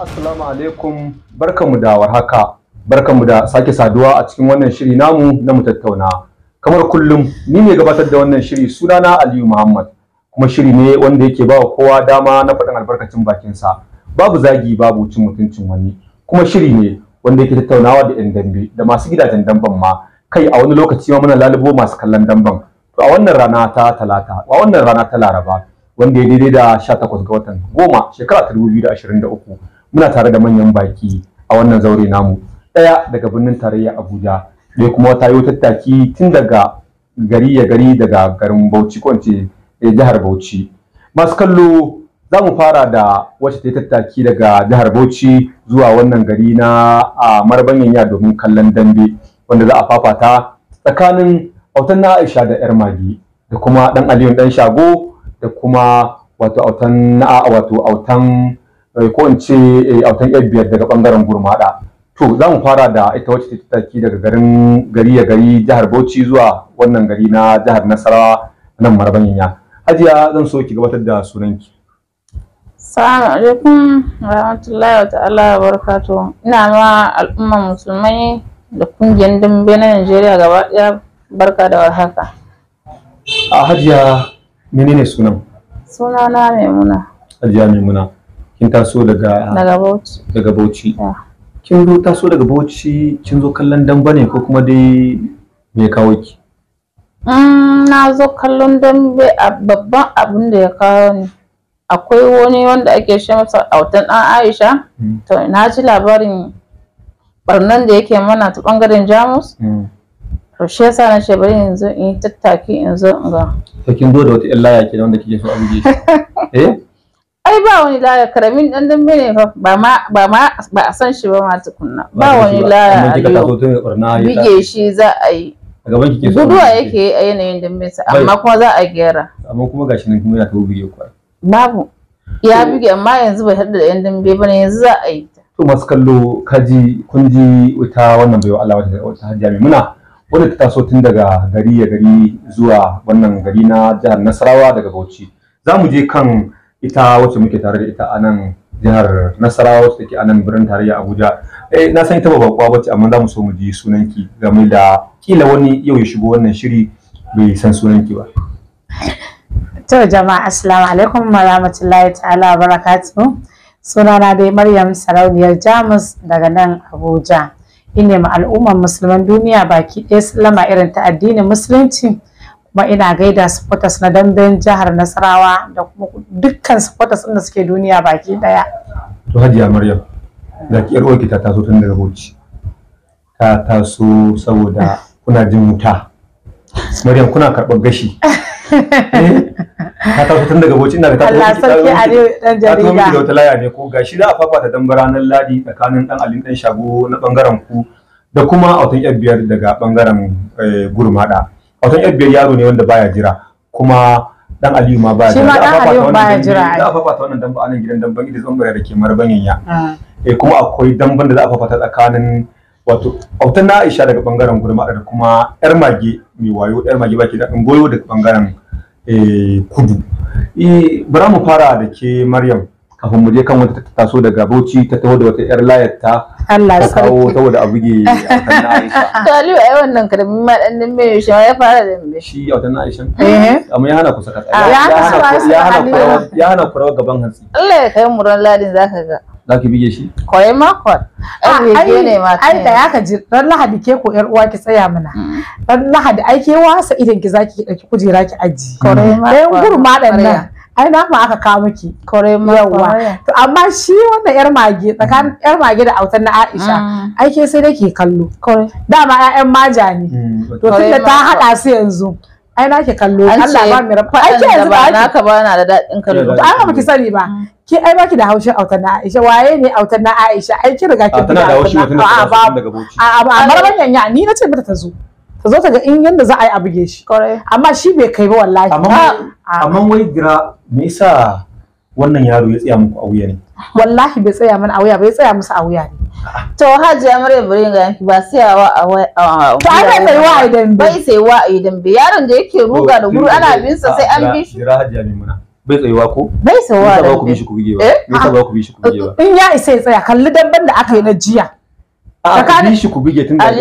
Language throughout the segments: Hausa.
assalamu alaikum barkamu da warhaka mu da sake saduwa a cikin wannan shiri namu na mu tattauna kamar kullum ni ne gabatar da wannan shiri sunana Aliyu Muhammad kuma shiri ne wanda yake ba kowa dama na faɗin albarkacin bakinsa babu zagi babu cin mutuncin wani kuma shiri ne wanda yake tattaunawa da 'yan dambe da masu gidajen damben ma kai a wani lokaci ma muna lalubo masu kallon damben to a wannan rana ta talata a wannan rana ta laraba wanda ya daidai da 18 ga watan goma shekara 2023 muna tare da manyan baki a wannan zaure namu ɗaya daga birnin tarayya abuja ɗaya kuma wata yau tattaki tun daga gari ya gari daga garin bauchi ko ce eh, jihar bauchi masu kallo za mu fara da wacce ta tattaki daga jihar bauchi zuwa wannan gari na a marbanyan ya domin kallon dambe wanda za a fafata tsakanin autan na aisha da yar magi da kuma dan Aliyu dan shago da kuma wato autan na wato autan Eh, ko in ce eh, autan yar biyar daga bangaren gurmada to za mu fara da ita wacce ta tattaki daga garin gari ya gari jihar bauchi zuwa wannan gari na jihar nasarawa nan marabaninya hajiya zan so ki gabatar da sunanki Salamu alaikum rahmatullahi wa ta'ala wa barakatuh ina ma al'umma musulmai da kungiyar dambe na Najeriya gaba daya barka da warhaka a hajiya menene sunan sunana maimuna hajiya maimuna kin taso daga daga Bauchi daga Bauchi kin zo taso daga Bauchi kin zo kallon damba ne ko kuma dai me kawo ki mm, na zo kallon dambe a babban abin da ya kawo ni akwai wani wanda ake shi masa autan ɗan aisha mm. to na ji labarin barnan da yake mana ta ɓangaren jamus mm. to shi yasa na ce bari yanzu in yi tattaki yanzu. in ga kin zo da wata ƴan laya ke wanda kike so a buge eh ai ba wani laya karamin dan dambe ne fa ba ma ba ma ba a san shi ba ma tukunna ba wani laya bige shi za a yi gaban kike so guduwa yake a yanayin dambe sa amma kuma za a gyara amma kuma gashi nan kuma yana ta bige ku babu ya bige amma yanzu bai hadda da yan dambe ba bane yanzu za a yi to masu kallo kaji kunji wuta wannan wannan baiwa Allah wata hajjia mai muna wanda ta taso tun daga gari ya gari zuwa wannan gari na jihar Nasarawa daga Bauchi za mu je kan ita wacce muke tare da ita a nan jihar Nasarawa wacce take a nan birnin tarayya Abuja eh na san ita ba bakwa bace amma za mu so mu ji sunanki game da kila wani yau ya shigo wannan shiri bai san sunanki ba to jama'a assalamu alaikum wa rahmatullahi ta'ala wa barakatuh sunana dai Maryam Sarauniyar Jamus daga nan Abuja ine ma al'ummar musulman duniya baki ɗaya sallama irin ta addinin musulunci kuma ina gaida supporters na damben jihar nasarawa da kuma dukkan supporters da suke duniya baki daya to hajiya maryam da ki yar ta taso tun daga bauchi ta taso saboda kuna jin wuta maryam kuna karɓar gashi eh, ta taso tun daga bauchi ina ga ta Allah sarki a ne dan jarida ta taso da laya ne ko gashi da afafa ta damben ranar ladi tsakanin dan alin dan shago na bangaren ku da kuma autan yar biyar daga bangaren eh, gurmada wato yan biyar yaro ne wanda baya jira kuma dan Aliyu ma baya jira. Shi ma dan Aliyu baya jira. Za a fafata wannan damba a nan gidan damban Idris Ongare da ke Marbanyan ya. Ah. Eh kuma akwai damban da za a fafata tsakanin wato autan na Aisha daga bangaren Gurma da kuma yar mage mai wayo yar mage baki da goyo daga bangaren eh kudu. Eh bara mu fara da ke Maryam. kafin mu je kan wata taso daga Bauchi ta taho da wata yar layar ta Allah sarki kawo ta wada a kan Aisha to Aliyu ai wannan karamin ma dan nan mai shi ya fara da mai shi ya wata Aisha eh amma ya hana ku saka ah, ya hana ya hana ya hana ku gaban hantsi Allah ya kai mu ran ladin zaka ga za ki bige shi? Kwaye ah, makon. Ai da ya kaji ran Lahadi ke ko ƴar uwa ki tsaya mana. Mm. Ran Lahadi ai ke wasa idan ki zaki ki ɗauki kujera ki aji. Kwaye makon. Ɗayan gurma ɗan nan. ai na ma aka kawo miki kore ma yawa to amma shi wannan yar mage tsakanin mm. yar mage da autan na Aisha mm. ai ke sai nake kallo kore da ma ƴaƴan maja ne mm, to tunda ta hada su yanzu ai nake kallo Allah ba mi rafa ai ke yanzu ba naka ba na da dadin kallo to an ba ki sani ba ki ai baki da haushin autan na Aisha waye ne autan na Aisha ai ki riga ki da haushin tana da haushin daga boci a a marban yanya ni na ce mata ta zo ta zo ta ga in yanda za a yi a buge shi amma shi bai kai ba wallahi amma wai gira me yasa wannan yaro ya tsaya muku a wuya ne wallahi bai tsaya mana a wuya bai tsaya musu a wuya ne to hajiya amare burin ga yanki ba wa a wuya to sai wa a idan bai wa a idan bai yaron da yake ruga da guru ana bin sa sai an bi shi gira Hajji mai muna bai tsayuwa ko bai tsayuwa da ku bi shi ku bige ba bai eh? ba ku bi shi ku bige ba in ya isa ya tsaya kalli dabban da aka yi na jiya a bi shi ku bige tun da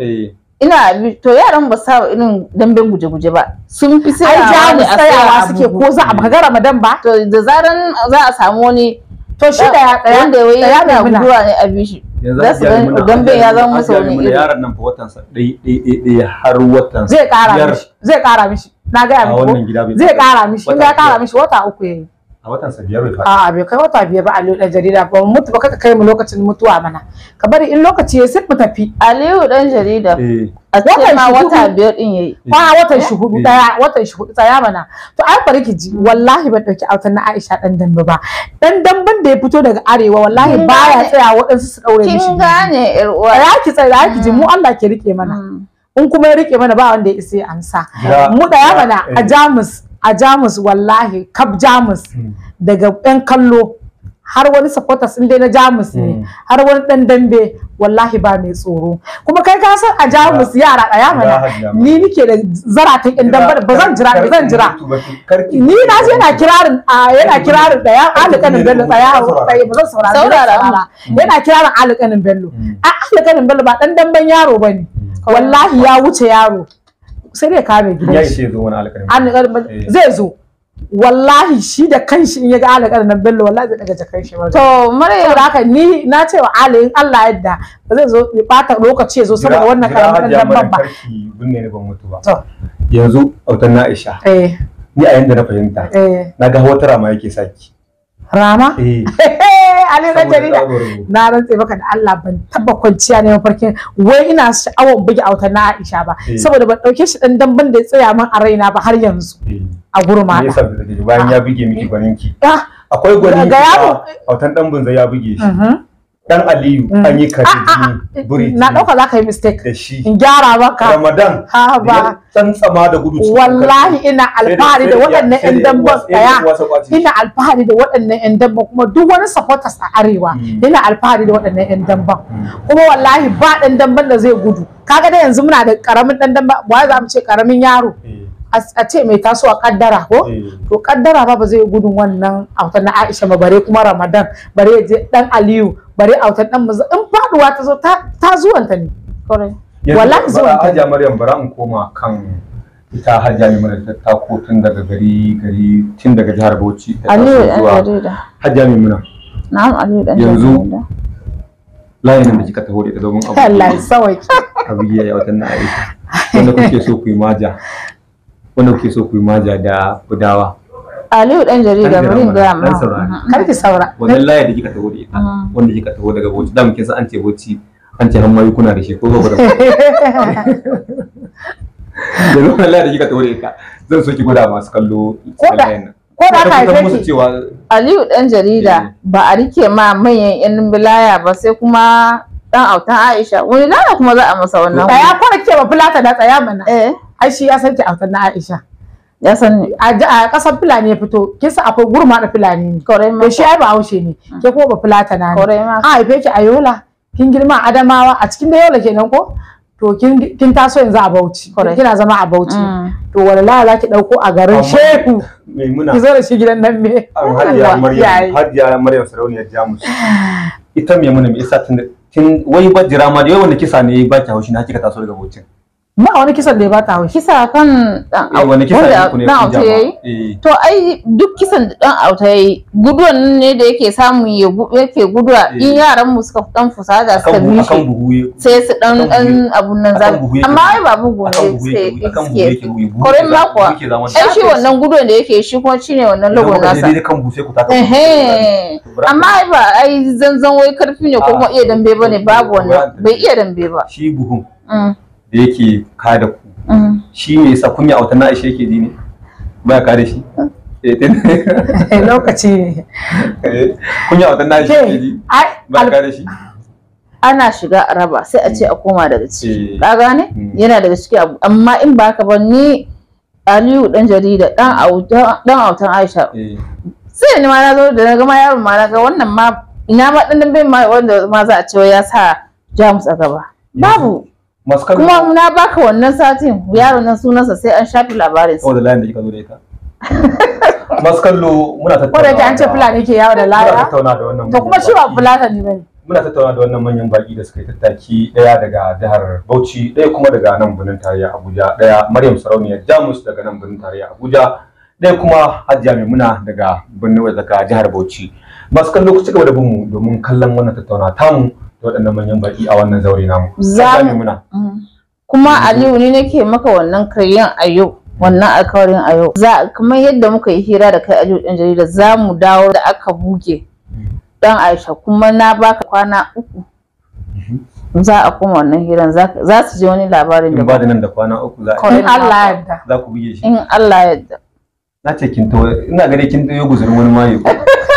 eh ina to yaran ba sa irin damben guje-guje ba sun fi sai ai tsayawa suke ko za a baga ramadan ba to da zaran za a samu wani to shi da ya tsaya wanda ya da guduwa ne a bishi za su ga damben ya zama musu wani iri yaran nan fa watan sa dai dai dai har watan zai kara mishi zai kara mishi na ga ya muku zai kara mishi in ya kara mishi wata uku yayi a watan sa biyar bai a'a bai kai wata biyar ba Aliyu dan jarida ba mu mutu ba kaka kai mu lokacin mutuwa mana ka bari in lokaci ya sai mu tafi Aliyu dan jarida eh. a ce ma wata biyar din yayi eh. a watan shi hudu daya eh. watan shi hudu tsaya mana to ai bari ki ji wallahi ban dauki autan na Aisha dan dambe ba dan damben da ya fito daga arewa wallahi baya tsaya waɗansu su daure mishi kin gane yar uwa ya ki tsaya ki ji mu mm. Allah ke rike mana mm. in kuma ya rike mana ba wanda ya isa ya amsa mu daya mana a Jamus a jamus wallahi Kab jamus hmm. daga yan kallo har wani supporters sun dai na jamus ne hmm. har wani dan dambe wallahi ba mai tsoro kuma kai ka san a jamus yara daya mana ni nike da zaratan in dan ba zan jira ba zan jira ni na ji yana kirarin yana kirarin daya alƙanin bello daya ba zan saurara yana hmm. kirarin alƙanin bello a alƙanin bello ba dan damben yaro bane wallahi ya wuce yaro sai dai kame gidan ya ishe zo wani alƙalin eh. zai zo wallahi shi da kanshi in ya ga alƙalin nan bello wallahi zai daga jakan shi to mara yau haka ni na ce wa Ali, in Allah yadda ba zai zo ya bata lokaci ya zo saboda wannan karamin nan ban ba binne ni ban mutu ba yanzu autan na Aisha eh ni a yanda na fahimta eh. na ga Tara ma yake saki rama eh. ali na jarida na rantse baka da Allah ban taba kwanciya ne mafarkin wai ina sha'awar bugi auta na Aisha ba eh. saboda ban dauke shi dan ban da ya tsaya min a raina ba har yanzu eh. a gurma da bayan ya buge miki gwaninki ah. akwai gwani autan dan bunza ya buge shi mhm. dan Aliyu mm. an yi ah, ah, ah, buri mm, na dauka za ka yi mistake da shi in gyara maka Ramadan ha ba tsantsama da gudu wallahi ina alfahari da waɗannan ƴan damban tsaya ina alfahari da waɗannan ƴan damban kuma duk wani supporters a arewa mm. ina alfahari da waɗannan ƴan damban kuma wallahi ba ɗan damban da zai gudu kaga da yanzu muna da karamin ɗan damban wai za mu ce karamin yaro eh. a ce mai tasowa kaddara ko eh. to kaddara ba ba zai gudun wannan autar na Aisha ba bare kuma Ramadan bare je dan Aliyu bare autar dan maza in faduwa ta zo ta zuwanta ne wallahi ta Hajiya Maryam bara in koma kan ita Hajiya Maryam ta ko tun daga gari gari tun daga jihar Bauchi ta zuwa Hajiya Maryam na'am Aliyu dan yanzu layin da kika taho da ita domin abu Allah ya sauke abu ya wata na Aisha wanda kuke so ku yi maja wanda kuke so ku yi maja da kudawa Aliyu dan jarida bari in gaya ma mm-hmm. kar ki saura wannan laya da kika taho da ita mm. wanda kika taho daga Bauchi da muke san an ce Bauchi an ce hammayu kuna da shi ko ba da da wannan laya da kika taho da ita zan so ki gwada masu kallo Ko da, ko da ka yi ki Aliyu dan jarida eh. ba a rike ma manyan yan bilaya ba sai kuma dan autan Aisha wani lana kuma za a masa wannan ya fara ke ba fulata da tsaya mana eh ai shi ya san ki autar na Aisha ya san a kasar Fulani ya fito kin san akwai gurma da Fulani ne kore ma shi ai ba haushe ne mm. ke ko ba na ne kore ma a haife ki a Yola kin girma Adamawa a cikin da Yola kenan ko to kin taso yanzu a Bauchi kina zama a Bauchi mm. to wallahi za ki dauko a garin Shehu Maimuna. ki zo da shi gidan nan me Hadiya Maryam Hadiya Maryam Sarauniya Jamus ita Maimuna me isa tun wai ba ma da wai wanda kisa ne ba ki haushi na kika taso daga Bauchi ba wani kisan da ya bata haushi kisa kan dan eh, auta wani kisa ne dan auta yayi eh. to ai duk kisan da dan auta yi guduwan ne da yake samu ya yake guduwa eh. in yaran mu suka dan fusada suka bi shi sai su dan dan abun nan za amma ai ba bugu ne sai yake kore ma kuwa ai shi wannan guduwan da yake shi kuma shine wannan logo nasa eh amma ai ba ai zanzan wai karfi ne ko kuma iya dambe bane babu wannan bai iya dambe ba shi buhun mm. da yake ka da ku mm. shi ne yasa kunya autan na ishe yake ji ne ba ka da shi eh, eh. lokaci ne eh, kunya autan na ishe yake ji ba ka da shi ana shiga araba sai a ce a koma daga ciki ka gane mm. yana daga ciki amma in ba ka ba ni Aliyu dan jarida dan autan Aisha sai ni ma na zo da na gama yaron ma na ga wannan ma ina ma dan bai ma wanda ma za a ce ya sa Jamus a gaba babu maskar kuma na baka wannan satin yaron nan sunansa sai an shafi labarin sa da layin da kika zo da ita maskallo muna tattauna ko da an ce fulani ke yawo da laya muna tattauna da wannan to kuma shi ba fulani ne bane muna tattauna da wannan manyan baki da suka yi tattaki daya daga jihar Bauchi daya kuma daga nan birnin tarayya Abuja daya Maryam Sarauniya Jamus daga nan birnin tarayya Abuja daya kuma Hajiya Maimuna daga birnin daga jihar Bauchi masu kallo ku ci gaba da bin mu domin kallon wannan tattauna tamu waɗannan manyan baki a wannan zaure namu za muna mm. kuma Aliyu ne nake maka wannan karyan a yau wannan alkawarin a yau za kamar yadda muka yi hira da kai Aliyu ɗan jarida za mu dawo da aka buge ɗan Aisha kuma na baka kwana uku mm-hmm. za a koma wannan hiran za su je wani labarin da ba da nan da kwana uku za in Allah yadda. za ku buge shi in Allah yadda. na ce kin to ina gare kin to yo guzurin wani mayu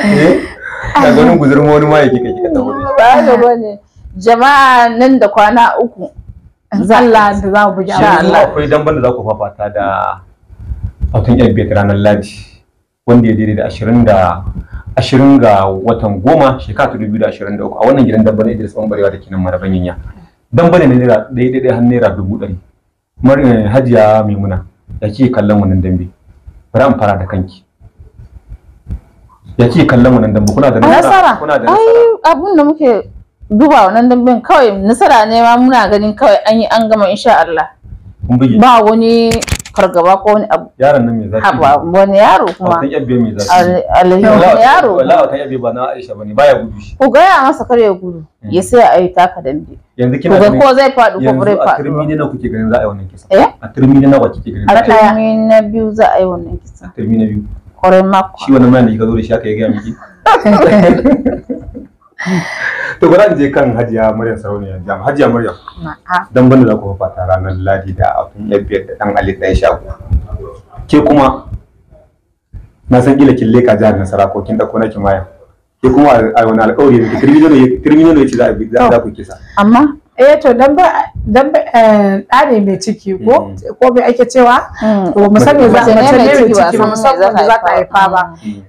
eh? ka ganin guzurin wani ma yake kake ka tawo ba ga bane jama'a nan da kwana uku zalla da za mu ji Allah akwai damban da za ku fafata da fatun yan bet ranar ladi wanda ya daidai da ashirin da ashirin ga watan goma shekara ta dubu da ashirin da uku a wannan gidan ne damban tsawon Bambarewa da kenan Maraban Yanya damban ne naira daidai har naira dubu ɗari eh, Hajiya Maimuna ya ke kallon wannan dambe Fara an fara da kanki ya ce kallon wannan dambe kuna da nasara kuna da nasara ai abun da muke duba wannan damben kawai nasara ne ma muna ganin kawai an yi an gama insha Allah ba wani fargaba ko wani abu yaron nan me zaki wani yaro kuma wata yabbe me zaki alhaji wani yaro wallahi wata yabbe ba na Aisha bane baya gudu shi ko gaya masa kar ya gudu eh. ya sai a yi taka dambe yanzu kina ga ko zai fadu ko bare fadu a turmi na kuke ganin za a yi wannan kisa eh? a turmi na nawa kike ganin a turmi na biyu za a yi wannan kisa a turmi na biyu kore mako. shi wannan nan ka zo da shi aka yi gaya miki to gwada je kan hajiya maryam sarauniya jam hajiya maryam dan banda za ku fafata ranar ladi da abin yabbiyar da dan ali dan shago ke kuma na san kila kin leka jihar nasara ko kin dauko na maya ke kuma a wani alƙawari ne kirmi ne ne ce za ku kisa amma eh to dan ba dan da eh, ne mai ciki ko mm. ko bai ake cewa mm. to mu san me za mace ne mai ciki ba mu san me za ta haifa ba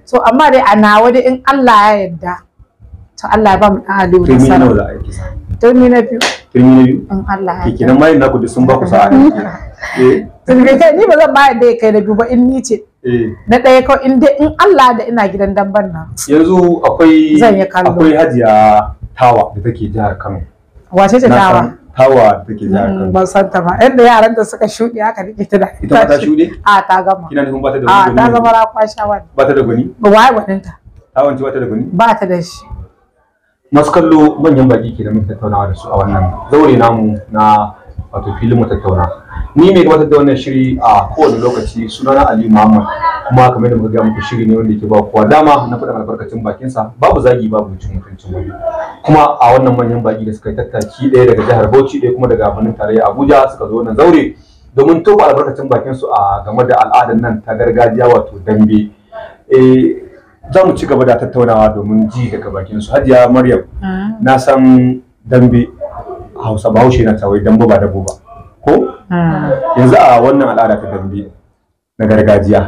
to mm. amma dai a nawa dai in Allah ya yarda to Allah ya ba mu dan aliyu da sana turmi na biyu to ni na biyu in Allah ya yarda kenan mai na ku sun ba ku sa'a eh turmi kai ni ba zan ba da kai na biyu ba in ni ce eh. na ɗaya kawai in dai in Allah da ina gidan damban nan yanzu akwai akwai hajiya tawa da take jihar Kano wace ce tawa hawa take ja mm, kan ban san ta ba inda yaran da suka shuɗe aka rike ta da ita ta shuɗe a ta gama kina nufin ba ta da gwani a ta gama ra kwasha wani ba ta da gwani ba wai gwanin ta hawan ci ba ta da gwani ba ta da shi masu kallo manyan baki ke da muke tattaunawa da su a wannan zaure namu na wato filin mu tattauna ni mai gabatar da wannan shiri a kowane lokaci sunana Ali Muhammad kuma kamar da muka ga muku shiri ne wanda yake ba kowa dama na faɗa albarkacin bakin sa babu zagi babu mutum mutuncin wani kuma a wannan manyan baki da suka yi tattaki ɗaya daga jihar Bauchi ɗaya kuma daga birnin tarayya Abuja suka zo wannan zaure domin tofa albarkacin bakin su a game da al'adar nan ta gargajiya wato dambe eh za mu ci gaba da tattaunawa domin ji daga bakin su Hajiya Maryam ah. na san dambe Hausa Bahaushe na tawai dambe ba dabo ba ko hmm. yanzu a wannan al'ada ta dambe na gargajiya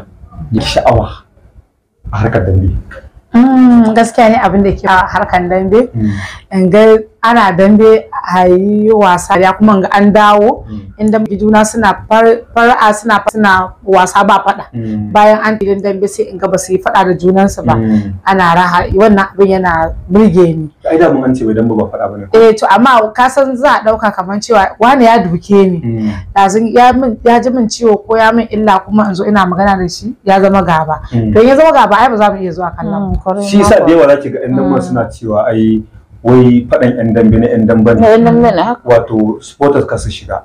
ya sha'awa a harkar dambe hmm, gaskiya ne abin da ke harkar dambe hmm. ana dambe a yi wasa ya kuma ga an dawo mm. inda juna suna fara'a suna suna wasa ba fada mm. bayan an filin dambe sai in ga ba su yi fada da junansu ba mm. ana raha wannan abin yana burge ni ai da mun an ce bai dambe ba fada bane eh to amma ka san za a dauka kaman cewa wani ya duke ni lazin ya min ya ji min ciwo ko ya min illa kuma in zo ina magana da shi ya zama gaba don ya zama gaba ai ba za mu iya zuwa kallon shi yasa da yawa zaki ga ɗan nan suna cewa ai wai faɗan 'yan dambe na 'yan dambe ne wato supporters ka su shiga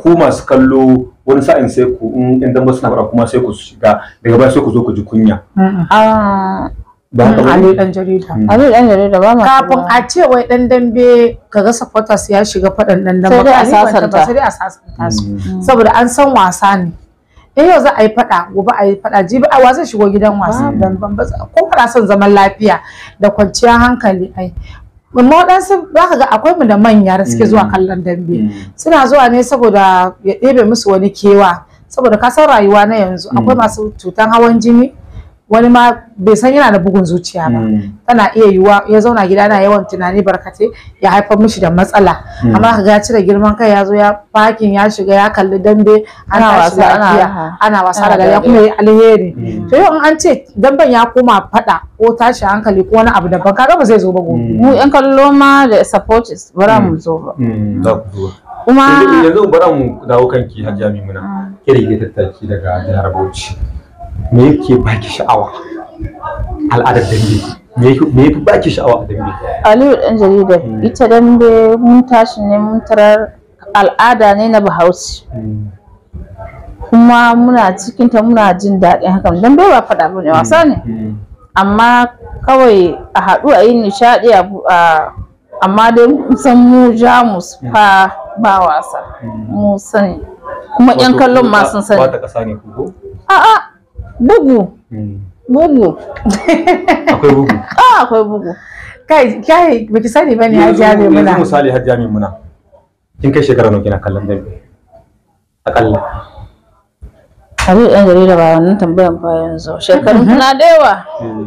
ku masu kallo wani sa'in sai ku in 'yan dambe suna faɗa kuma sai ku su shiga daga baya sai ku zo ku ji kunya ba haka ba ne dan jarida ali dan jarida ba ma kafin a ce wai dan dambe kaga supporters ya shiga faɗan dan dambe sai a sasanta sai a sasanta su saboda an san wasa ne in yau za a yi faɗa gobe a yi faɗa jibi a wa zai shigo gidan wasa dan ban ko fara son zaman lafiya da kwanciyar hankali ai mummu waɗansu za ka ga akwai mu da manya da suke mm. zuwa kallon dambe mm. suna zuwa ne saboda ya ɗebe musu wani kewa saboda ka rayuwa na yanzu akwai mm. masu cutan hawan jini wani ma bai san yana da bugun zuciya ba hmm. tana iya yiwuwa ya zauna gida yana yawan tunani barkate ya haifar mishi da matsala hmm. amma ka ga cire girman kai ya zo ya fakin ya shiga ya kalli dambe ana wasa ana ana wasa da ya kuma yi alheri hmm. to yau in an ce damben ya koma fada ko tashi hankali ko wani abu daban kaga ba zai zo ba gobe mu yan kallo ma da support bara mu zo ba kuma yanzu bara mu dawo kanki hajjami muna kire ah. ke tattaki daga jihar Bauchi me yake baki sha'awa al'adar dambe me yake baki sha'awa a dambe aliyu dan jarida hmm. ita dambe mun tashi ne mun tarar al'ada ne na bahaushe hmm. kuma muna cikin ta muna jin daɗin hakan dambe ba faɗa ba ne wasa ne hmm. amma kawai a haɗu a yi nishaɗi a amma dai san mu jamus fa ba wasa mu sani kuma yan kallon ma sun sani ba ta ƙasa ne ko a'a bugu hmm. bugu akwai bugu ah akwai bugu kai kai baki sani bane hajiya mai muna yanzu misali hajiya mai muna kin kai shekara nawa kina kallon dambe akalla Habibu ɗan jarida ba wannan tambayan ba yanzu shekarun hmm. suna da yawa hmm.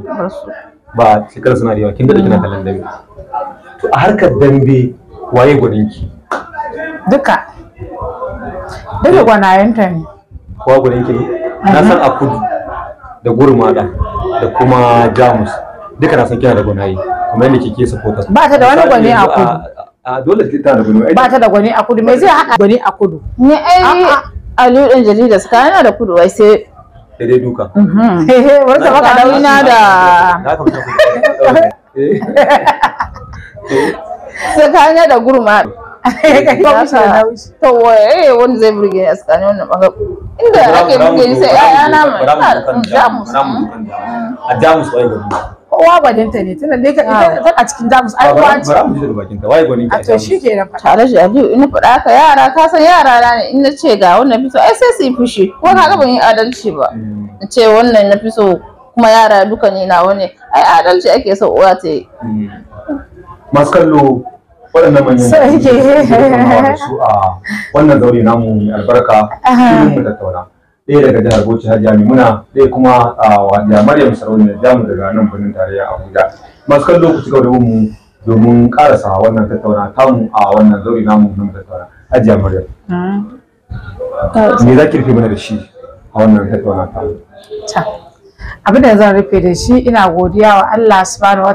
ba shekarun suna da yawa kin daɗa kina kallon dambe to a harkar dambe waye ki? duka duka eh. gwanayen ta ne kowa ki ne na san a kudu da gurmada da kuma jamus duka na san kina da gwanaye kuma yadda kike supporters ba ta da wani gwani a kudu a dole ki ta da gwani ba ta da gwani a kudu me zai haka gwani a kudu ne ai Aliyu dan Jalila suka yana da kudu wai sai da dai duka mhm. he wani sabaka baka da da suka yana da gurma to waye wanda zai burge a tsakanin wannan a jamus ne tana dai ta a cikin jamus ai kowa ci bara mu ji daga bakin ka a to shi kenan tare yara kasan yara na ne ce ga wannan ai sai su fushi ko ka ban yi adalci ba in ce wannan na fi so kuma yara duka ne na wani. ai adalci ake so uwa ta mm. yi masu kallo waɗannan manyan su a wannan zaure namu mai albarka filin mu tattauna ɗaya daga jihar Bauchi Hajiya Maimuna ɗaya kuma da Maryam Sarauni da jamu daga nan birnin tarayya Abuja masu kallo ku da mu domin karasa wannan tattauna tamu a wannan zaure namu na tattauna Maryam hmm. me za ki rufe mana da shi a wannan tattauna tamu abin da zan rufe da shi ina godiya wa Allah subhanahu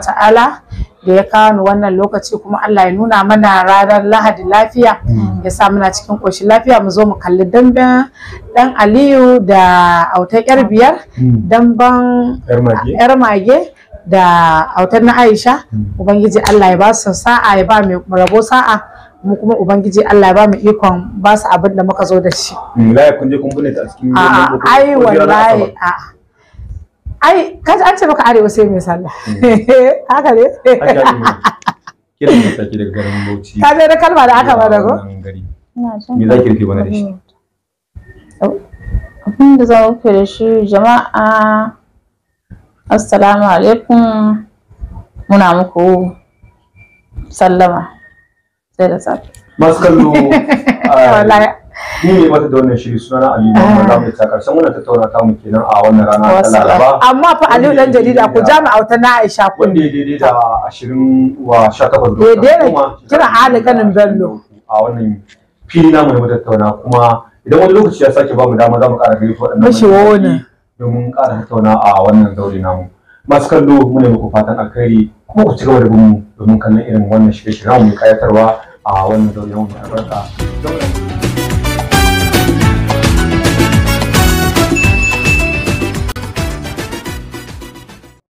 da ya kawo wannan lokaci kuma Allah ya nuna mana ranar Lahadi lafiya mm. ya sa muna cikin koshi lafiya mu zo mu kalli damben dan Aliyu da autar yar biyar mm. damben yar mage da autar na Aisha mm. ubangiji Allah ya ba su sa'a ya ba mu rabo sa'a mu kuma ubangiji Allah ba mu ikon ba su abin da muka zo da shi. Wallahi kun je kun bune ta a cikin ai wallahi a'a ai kaji an ce maka arewa sai mai sallah mm. haka ne kiran da take daga garin Bauchi ka je da kalma da aka bada ko me za ki rufe mana da shi abin da za ku da shi jama'a assalamu alaikum muna muku sallama sai da safe masu kallo Ni ne mata da wannan shiri sunana Aliyu Muhammad Lamu ah. ta karshen wannan tattauna ta mu kenan a wannan rana ta Laraba. Amma fa Aliyu dan jarida ku ja mu na Aisha ku. Wanda da 20 wa 18 kira kanin Bello. A wannan fili namu ne mu tattauna kuma idan wani lokaci ya sake bamu dama za mu ƙara gari waɗannan. Mashi wani. Domin ƙara tattauna a wannan zaure namu. masu kallo mu ne muku fatan alkhairi kuma ku ci gaba da bin mu domin kallon irin wannan shirye-shiryen mu kayatarwa a wannan zaure mu albarka.